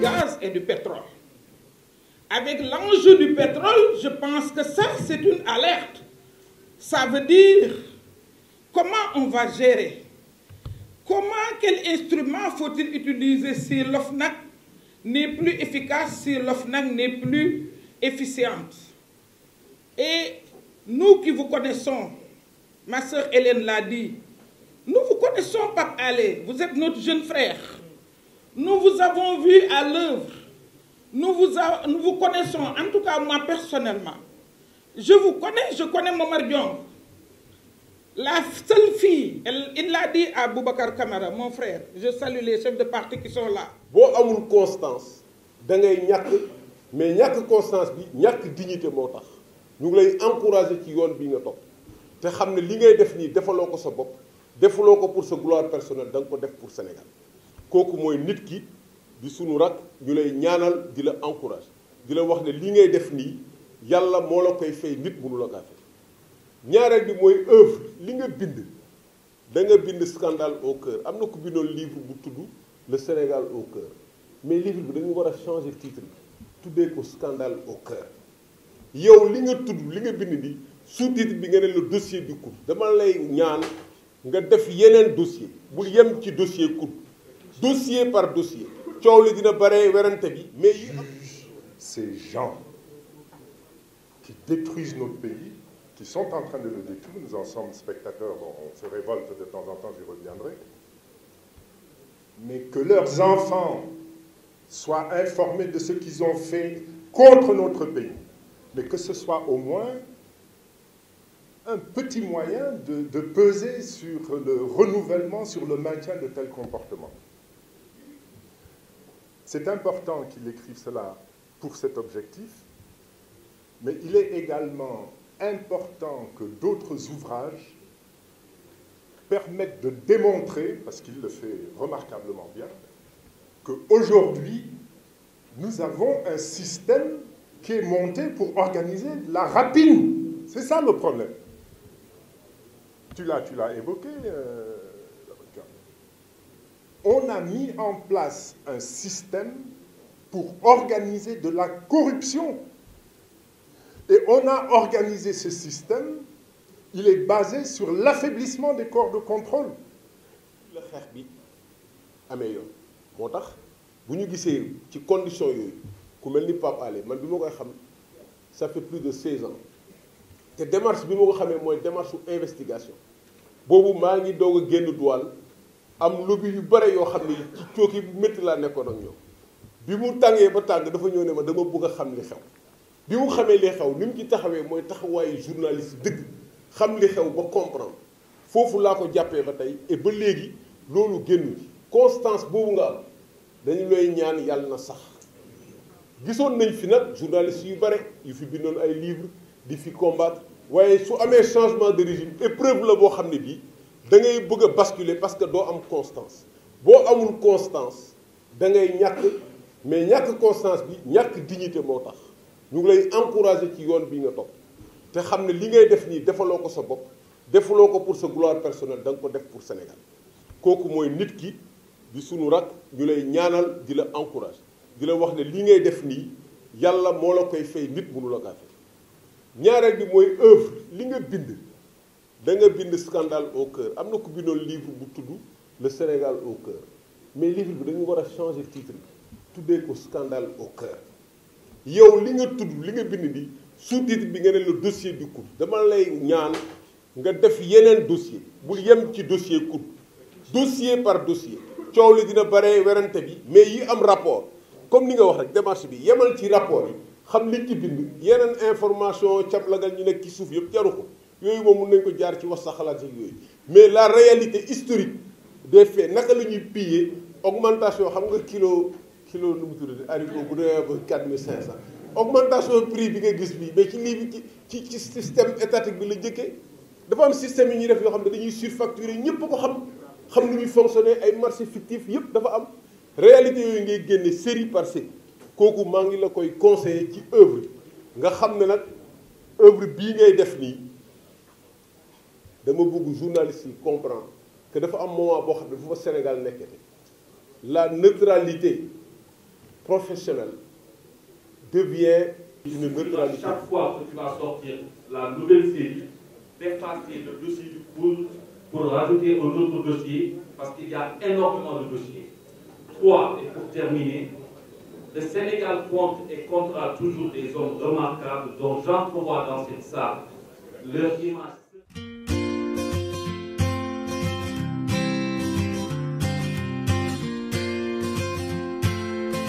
gaz et du pétrole. Avec l'enjeu du pétrole, je pense que ça, c'est une alerte. Ça veut dire comment on va gérer, comment, quel instrument faut-il utiliser si l'OFNAC n'est plus efficace, si l'OFNAC n'est plus efficiente. Et nous qui vous connaissons, ma soeur Hélène l'a dit, nous vous connaissons, pas aller vous êtes notre jeune frère. Nous vous avons vu à l'œuvre. Nous vous, nous vous connaissons, en tout cas moi personnellement. Je vous connais, je connais mon mari. La seule fille, elle, il l'a dit à Boubacar Kamara, mon frère, je salue les chefs de parti qui sont là. Bon, à une constance, mais il constance a que dignité de il ñu a lay encourager ci yoon bi nga tu te xam ne li ngay def nii defaloo sa pour sa gloire personnelle pour pour pour Sénégal kooku moy nit ki di sunu rak ñu lay ñaanal di la encourage di la wax ne li ngay def ni yalla mo la koy fay nit lu la kaa fay ñaareel bi moy œuvre li nga bind da nga bind scandale au cœur amna ko ku livre bu tudd le Sénégal au cœur mais livre bi dañu war a changer titre tuddé ko scandale au cœur yow li nga tudd li nga bind nii sous-titre bi nga ne le dossier du coup. dama lay ñaan nga def yenen dossier bu yem ci dossier coup dossier par dossier mais ces gens qui détruisent notre pays qui sont en train de le détruire nous en sommes spectateurs on se révolte de temps en temps j'y reviendrai mais que leurs enfants soient informés de ce qu'ils ont fait contre notre pays mais que ce soit au moins un petit moyen de peser sur le renouvellement, sur le maintien de tels comportements. C'est important qu'il écrive cela pour cet objectif, mais il est également important que d'autres ouvrages permettent de démontrer, parce qu'il le fait remarquablement bien, qu'aujourd'hui, nous avons un système qui est monté pour organiser la rapine. C'est ça le problème. Tu l'as, tu l'as évoqué, euh, on a mis en place un système pour organiser de la corruption. Et on a organisé ce système, il est basé sur l'affaiblissement des corps de contrôle. Le xeex bi amee yoon moo tax bu ñu ci condition yooyu ku mel ni pas Alé man bi koy xam ça fait plus de 16 ans te démarche bi ko c'est mooy démarche d'investigation. investigation boobu maa ngi doog a génn am lobby yu bare yoo xam ne ci cooki bu métti laa nekkoon ak ñoom bi mu tàngee ba tàng dafa ñëw ne ma dama bëgg a xam li xew bi mu xamee li xew ni mu ci taxawee mooy taxawaayu journaliste dëgg xam li xew ba comprendre foofu laa ko jàppee ba tey et ba léegi loolu ci constance boobu nga am dañu lay ñaan yàlla na sax gisoon nañ fi nag journaliste yu bare yu fi bindoon ay livre di fi combattre waaye su amee changement de régime épreuve la boo xam ne bii dangay bëgg basculer parce que do am constance bo amul constance dangay ngay mais ñàkk constance bi ñàkk dignité motax ñu ngi lay encourager ci yoon bi nga top té xamné li ngay def ni défaloko sa bop defaloo pour sa gloire personnelle dang ko def pour Sénégal koku moy nit ki bi sunu rak ñu lay ñaanal di la encourager di la wax né li ngay def ni yalla mo la koy fay nit mënu la kaa fay ñaareel bi moy œuvre li nga bind da nga bind scandale au cœur am na ku livre bu tudd le Sénégal au cœur mais livre bi dañu war a changer titre bi tuddee ko scandale au cœur yow li nga tudd li nga bind bi sous-titre bi nga le dossier du coup. dama lay ñaan nga def yeneen dossier bul yem ci dossier coup. dossier par dossier coow li dina bare werante bi mais yi am rapport comme ni nga wax rek démarche bi yemal ci rapport yi xam li ci bind yeneen information cab lagal ñu nekk ci suuf yëpp jaru yooyu moom meun nañ ko jaar ci wax sa xalaat ak yooyu mais la réalité historique des faits naka la ñuy piller augmentation xam nga kilo kilo lu mu tuddati haricot bu dee ba quatre augmentation prix bi nga gis bi mais ci lii ci ci système étatique bi la jëkke dafa am système yi ñuy def yo xam dañuy surfacturer ñepp ko xam xam nu ñuy fonctionner ay marché fictif yépp dafa am réalité yooyu ngay génné série par série kooku maa ngi la koy conseiller ci œuvre nga xam ne nag œuvre bii ngay def nii le beaucoup journaliste comprend que dafa am moment Sénégal la neutralité professionnelle devient une neutralité. Chaque fois que tu vas sortir la nouvelle série, passer le dossier du cours pour rajouter un autre dossier, parce qu'il y a énormément de dossiers. Trois, et pour terminer, le Sénégal compte et comptera toujours des hommes remarquables dont j'entrevois dans cette salle leur image.